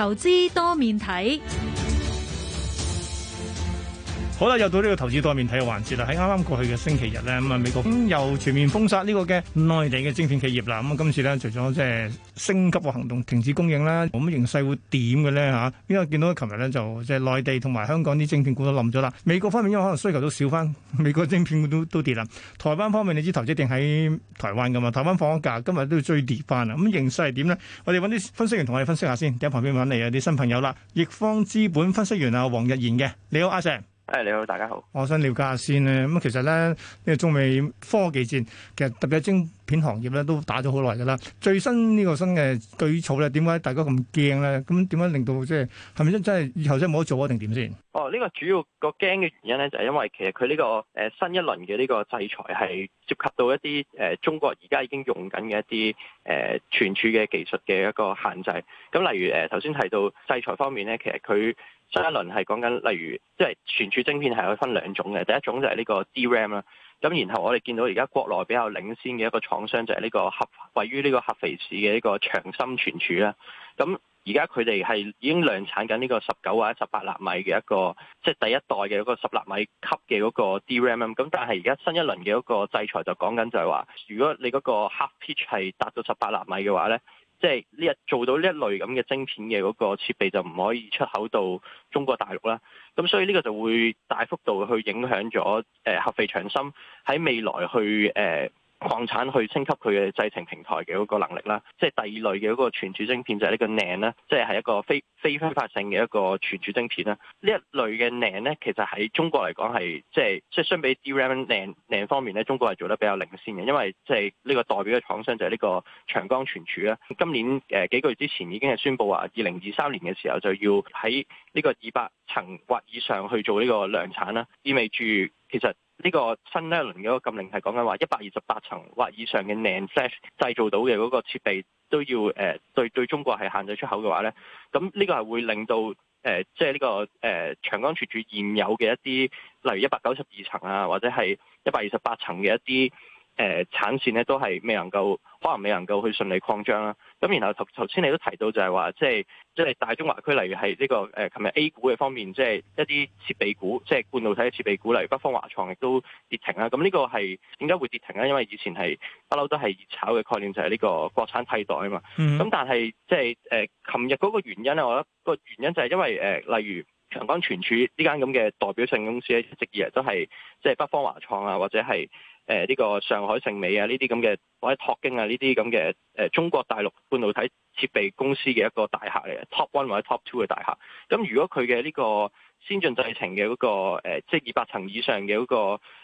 投資多面睇。好啦，又到呢個投資多面睇嘅環節啦。喺啱啱過去嘅星期日咧，咁啊美國又全面封殺呢個嘅內地嘅晶片企業啦。咁今次咧，除咗即係升級嘅行動，停止供應啦，咁形勢會點嘅咧嚇？因為見到琴日咧就即係、就是、內地同埋香港啲晶片股都冧咗啦。美國方面因為可能需求都少翻，美國晶片股都都跌啦。台灣方面，你知投資定喺台灣噶嘛？台灣放咗假，今日都要追跌翻啦。咁形勢係點咧？我哋揾啲分析員同我哋分析一下先。喺旁邊揾嚟有啲新朋友啦，易方資本分析員啊王逸研嘅，你好阿 Sir。誒，你好，大家好。我想了解下先咧，咁其實咧呢，這個中美科技戰，其實特別係精片行業咧都打咗好耐㗎喇，最新呢個新嘅舉措咧，點解大家咁驚咧？咁點解令到即係係咪真真係以後真係冇得做啊？定點先？哦，呢、這個主要個驚嘅原因咧，就係因為其實佢呢、這個誒、呃、新一輪嘅呢個制裁係涉及到一啲誒、呃、中國而家已經用緊嘅一啲誒存儲嘅技術嘅一個限制。咁例如誒頭先提到制裁方面咧，其實佢新一輪係講緊，例如即係存儲晶片係可以分兩種嘅，第一種就係呢個 DRAM 啦。咁然後我哋見到而家國內比較領先嘅一個廠商就係呢個合位於呢個合肥市嘅呢個長鑫存儲啦。咁而家佢哋係已經量產緊呢個十九或者十八納米嘅一個即係、就是、第一代嘅一個十納米級嘅嗰個 DRAM。咁但係而家新一輪嘅嗰個制裁就講緊就係、是、話，如果你嗰個 half pitch 係達到十八納米嘅話呢。即係呢一做到呢一類咁嘅晶片嘅嗰個設備就唔可以出口到中國大陸啦，咁所以呢個就會大幅度去影響咗誒、呃、合肥長鑫喺未來去誒、呃礦產去升級佢嘅製程平台嘅嗰個能力啦，即係第二類嘅嗰個存儲晶片就係呢個 NAND 啦，即係係一個非非揮發性嘅一個存儲晶片啦。呢一類嘅 NAND 咧，其實喺中國嚟講係即係即係相比 DRAM NAND NAND 方面咧，中國係做得比較領先嘅，因為即係呢個代表嘅廠商就係呢個長江存儲啦。今年誒幾個月之前已經係宣布話，二零二三年嘅時候就要喺呢個二百層或以上去做呢個量產啦，意味住。其實呢個新一輪嘅一個禁令係講緊話，一百二十八層或以上嘅 NAND Flash 製造到嘅嗰個設備都要誒對對中國係限制出口嘅話呢，咁呢個係會令到誒即係呢個誒、呃、長江處處現有嘅一啲例如一百九十二層啊或者係一百二十八層嘅一啲。誒、呃、產線咧都係未能夠，可能未能夠去順利擴張啦、啊。咁然後頭頭先你都提到就係話，即係即係大中華區，例如係呢、這個誒，琴、呃、日 A 股嘅方面，即、就、係、是、一啲設備股，即、就、係、是、半導體嘅設備股，例如北方華創亦都跌停啦。咁呢個係點解會跌停咧？因為以前係不嬲都係熱炒嘅概念就係、是、呢個國產替代啊嘛。咁、嗯、但係即係誒，琴日嗰個原因咧，我覺得個原因就係因為誒、呃，例如長江存儲呢間咁嘅代表性公司咧，一直以嚟都係即係北方華創啊，或者係。誒呢、呃這個上海盛美啊，呢啲咁嘅或者拓經啊，呢啲咁嘅誒中國大陸半導體設備公司嘅一個大客嚟嘅，top one 或者 top two 嘅大客，咁、嗯、如果佢嘅呢個先進製程嘅嗰、那個、呃、即係二百層以上嘅嗰個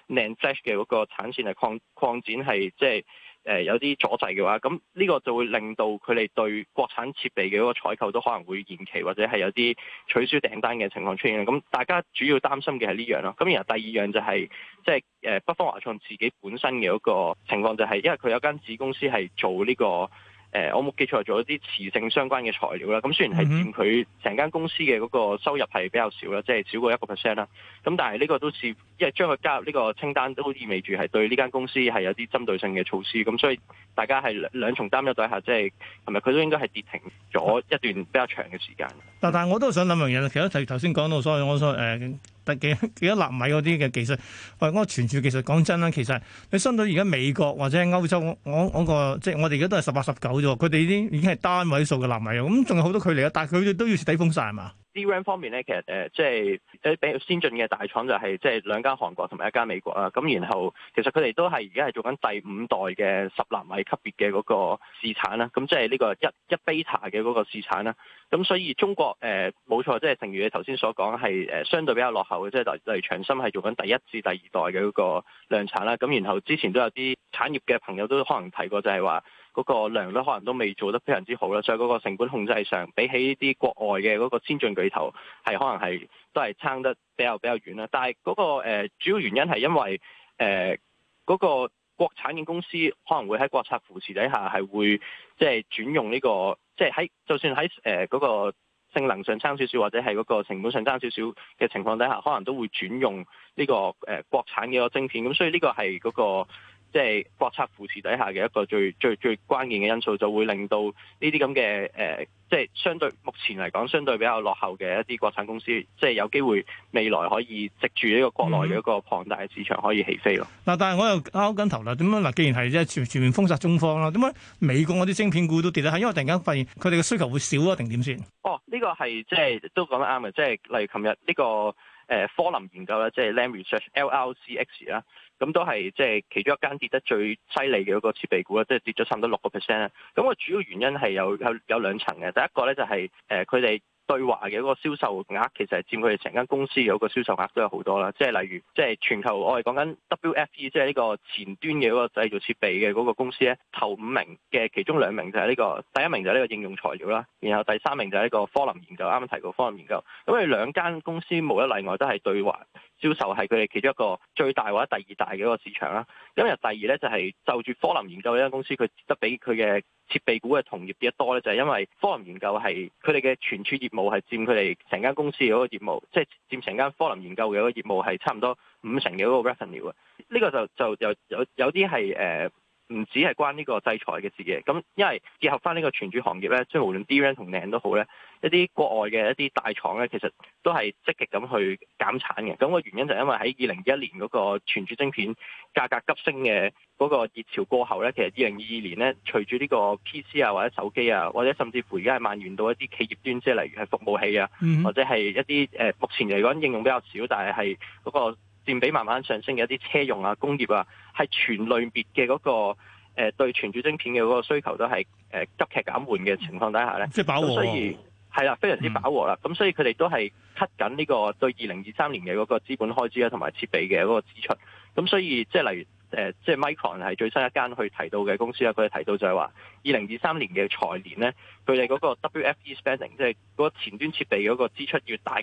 NAND flash 嘅嗰個產線係擴擴展係即係。誒有啲阻滯嘅話，咁呢個就會令到佢哋對國產設備嘅嗰個採購都可能會延期，或者係有啲取消訂單嘅情況出現。咁大家主要擔心嘅係呢樣咯。咁然後第二樣就係即係誒北方華創自己本身嘅一個情況、就係，就係因為佢有間子公司係做呢、呢個。誒，我冇記錯，做一啲磁性相關嘅材料啦。咁雖然係佔佢成間公司嘅嗰個收入係比較少啦，即係少過一個 percent 啦。咁但係呢個都係，因為將佢加入呢個清單，都意味住係對呢間公司係有啲針對性嘅措施。咁所以大家係兩兩重擔憂底下，即係同埋佢都應該係跌停咗一段比較長嘅時間。嗱，但係我都想諗樣嘢啦，其實頭頭先講到，所以我所以誒、呃。特嘅幾多納米嗰啲嘅技術，喂、哎，嗰個存儲技術，講真啦，其實,其實你相比而家美國或者係歐洲，我我個即係我哋而家都係十八十九咋，佢哋啲已經係單位數嘅納米，咁、嗯、仲有好多距離啊！但係佢都要徹底封晒係嘛？DRAM 方面咧，其實誒，即係一啲比較先進嘅大廠就係即係兩間韓國同埋一間美國啦。咁然後其實佢哋都係而家係做緊第五代嘅十納米級別嘅嗰個試產啦。咁即係呢個一一 beta 嘅嗰個試產啦。咁所以中國誒冇錯，即係正如你頭先所講，係誒相對比較落後嘅，即係例如長鑫係做緊第一至第二代嘅嗰個量產啦。咁然後之前都有啲。產業嘅朋友都可能提過，就係話嗰個量都可能都未做得非常之好啦。所以嗰個成本控制上，比起啲國外嘅嗰個先進巨頭，係可能係都係撐得比較比較遠啦。但係嗰個誒主要原因係因為誒嗰個國產嘅公司可能會喺國策扶持底下係會即係轉用呢個，即係喺就算喺誒嗰個性能上差少少，或者係嗰個成本上差少少嘅情況底下，可能都會轉用呢個誒國產嘅個晶片。咁所以呢個係嗰個。即係國策扶持底下嘅一個最最最關鍵嘅因素就這這、呃，就會令到呢啲咁嘅誒，即係相對目前嚟講相對比較落後嘅一啲國產公司，即、就、係、是、有機會未來可以藉住呢個國內嘅一個龐大嘅市場可以起飛咯。嗱、嗯，但係我又拗緊頭啦，點樣？嗱，既然係即係全全面封殺中方啦，點解美國嗰啲晶片股都跌咧？係因為我突然間發現佢哋嘅需求會少啊，定點先？哦，呢、這個係即係都講得啱嘅，即、就、係、是、例如琴日呢個誒、呃、科林研究啦，即、就、係、是、Lam Research LRCX 啦。咁都係即係其中一間跌得最犀利嘅嗰個設備股啦，即係跌咗差唔多六個 percent 啦。咁個主要原因係有有有兩層嘅，第一個咧就係誒佢哋對華嘅嗰個銷售額其實係佔佢哋成間公司嘅嗰個銷售額都有好多啦。即係例如，即係全球我哋講緊 WFE，即係呢個前端嘅嗰個製造設備嘅嗰個公司咧，頭五名嘅其中兩名就係呢個第一名就係呢個應用材料啦，然後第三名就係呢個科林研究。啱啱提過科林研究，咁佢哋兩間公司無一例外都係對華。銷售係佢哋其中一個最大或者第二大嘅一個市場啦。今日第二呢，就係就住科林研究呢間公司，佢得比佢嘅設備股嘅同業跌得多呢，就係因為科林研究係佢哋嘅存儲業務係佔佢哋成間公司嗰個業務，即係佔成間科林研究嘅個業務係差唔多五成嘅嗰個 revenue。呢個就就有有啲係誒。唔止係關呢個制裁嘅事嘅，咁因為結合翻呢個存儲行業咧，即係無論 DRAM 同 NAND 都好咧，一啲國外嘅一啲大廠咧，其實都係積極咁去減產嘅。咁個原因就係因為喺二零二一年嗰個存儲晶片價格急升嘅嗰個熱潮過後咧，其實二零二二年咧，隨住呢個 PC 啊或者手機啊，或者甚至乎而家係蔓延到一啲企業端，即係例如係服務器啊，mm hmm. 或者係一啲誒目前嚟講應用比較少，但係係嗰個。佔比慢慢上升嘅一啲車用啊、工業啊，係全類別嘅嗰、那個誒、呃、對存儲晶片嘅嗰個需求都係誒、呃、急劇減緩嘅情況底下咧，即係飽和。所以係啦、啊，非常之飽和啦。咁、嗯、所以佢哋都係 cut 緊呢個對二零二三年嘅嗰個資本開支啊，同埋設備嘅嗰個支出。咁所以即係例如誒、呃，即係 Micron 係最新一間去提到嘅公司啦，佢哋提到就係話二零二三年嘅財年咧，佢哋嗰個 WFE spending，即係嗰個前端設備嗰個支出越大，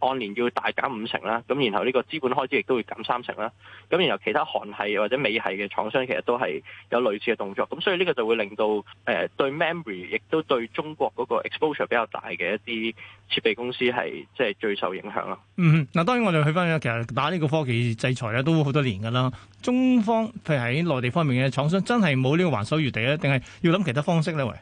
按年要大減五成啦，咁然後呢個資本開支亦都會減三成啦，咁然後其他韓系或者美系嘅廠商其實都係有類似嘅動作，咁所以呢個就會令到誒對 memory 亦都對中國嗰個 exposure 比較大嘅一啲設備公司係即係最受影響啦。嗯，嗱當然我哋去翻其實打呢個科技制裁咧都好多年噶啦，中方譬如喺內地方面嘅廠商真係冇呢個還手餘地咧，定係要諗其他方式咧？喂？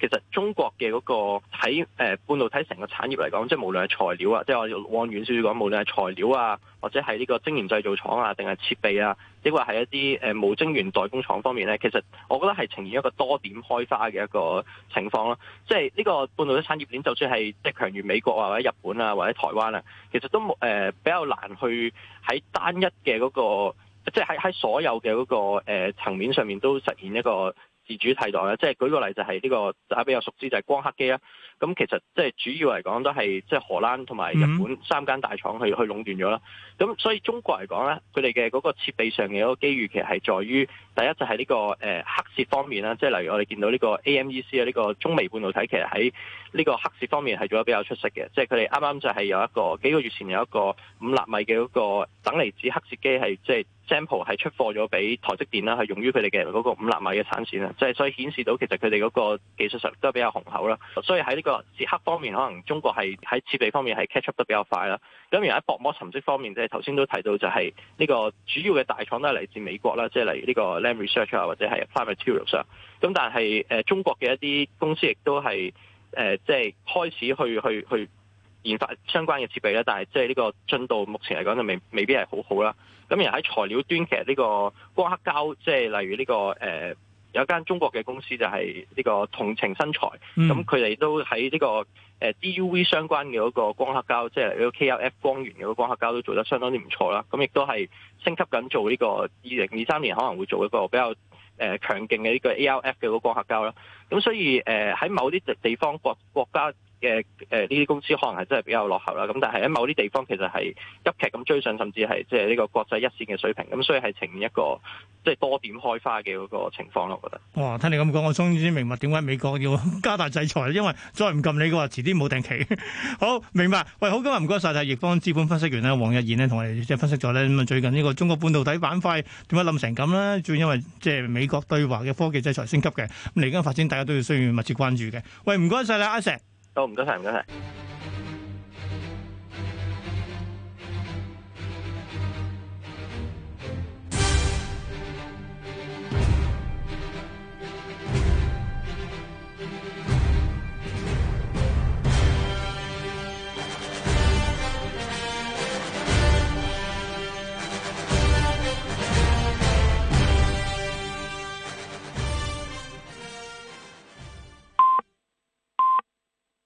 其實中國嘅嗰個喺誒、呃、半導體成個產業嚟講，即係無論係材料啊，即係我往遠少少講，無論係材料啊，或者係呢個晶圓製造廠啊，定係設備啊，亦或係一啲誒無晶圓代工廠方面咧，其實我覺得係呈現一個多點開花嘅一個情況咯。即係呢個半導體產業鏈，就算係即係強於美國啊，或者日本啊，或者台灣啊，其實都冇誒、呃，比較難去喺單一嘅嗰、那個，即係喺喺所有嘅嗰、那個誒層、呃、面上面都實現一個。自主替代咧，即係舉個例就係呢個大家比較熟知就係光刻機啦。咁其實即係主要嚟講都係即係荷蘭同埋日本三間大廠去去壟斷咗啦。咁所以中國嚟講咧，佢哋嘅嗰個設備上嘅一個機遇其實係在於第一就係呢、這個誒刻蝕方面啦。即係例如我哋見到呢個 AMEC 啊，呢個中微半導體其實喺呢個刻蝕方面係做得比較出色嘅。即係佢哋啱啱就係有一個幾個月前有一個五納米嘅嗰個等離子刻蝕機係即係。sample 係出貨咗俾台積電啦，係用於佢哋嘅嗰個五納米嘅產線啊，即係所以顯示到其實佢哋嗰個技術上都係比較雄厚啦。所以喺呢個時刻方面，可能中國係喺設備方面係 catch up 得比較快啦。咁而喺薄膜沉積方面，即係頭先都提到就係呢個主要嘅大廠都係嚟自美國啦，即係例如呢個 Lam Research 啊，或者係 Fine Materials 上。咁但係誒中國嘅一啲公司亦都係誒即係開始去去去。去研發相關嘅設備咧，但係即係呢個進度目前嚟講就未未必係好好啦。咁而喺材料端，其實呢個光刻膠，即係例如呢、這個誒、呃、有一間中國嘅公司就係呢個彤程新材，咁佢哋都喺呢個誒 DUV 相關嘅嗰個光刻膠，即係 KrF 光源嘅嗰個光刻膠都做得相當之唔錯啦。咁亦都係升級緊做呢個二零二三年可能會做一個比較誒強勁嘅呢個 ArF 嘅嗰個光刻膠啦。咁所以誒喺某啲地方國國家。嘅誒呢啲公司可能係真係比較落後啦。咁但係喺某啲地方其實係急劇咁追上，甚至係即係呢個國際一線嘅水平。咁所以係呈現一個即係、就是、多點開花嘅嗰個情況咯。我覺得哇，聽你咁講，我終於明白點解美國要加大制裁，因為再唔撳你嘅話，遲啲冇定期。 好明白。喂，好今日唔該曬，係易方資本分析員咧，王逸研呢同我哋即係分析咗咧。咁啊，最近呢個中國半導體板塊點解冧成咁咧？最因為即係美國對華嘅科技制裁升級嘅咁嚟緊發展，大家都要需要密切關注嘅。喂，唔該晒啦，阿石。唔該晒，唔該曬。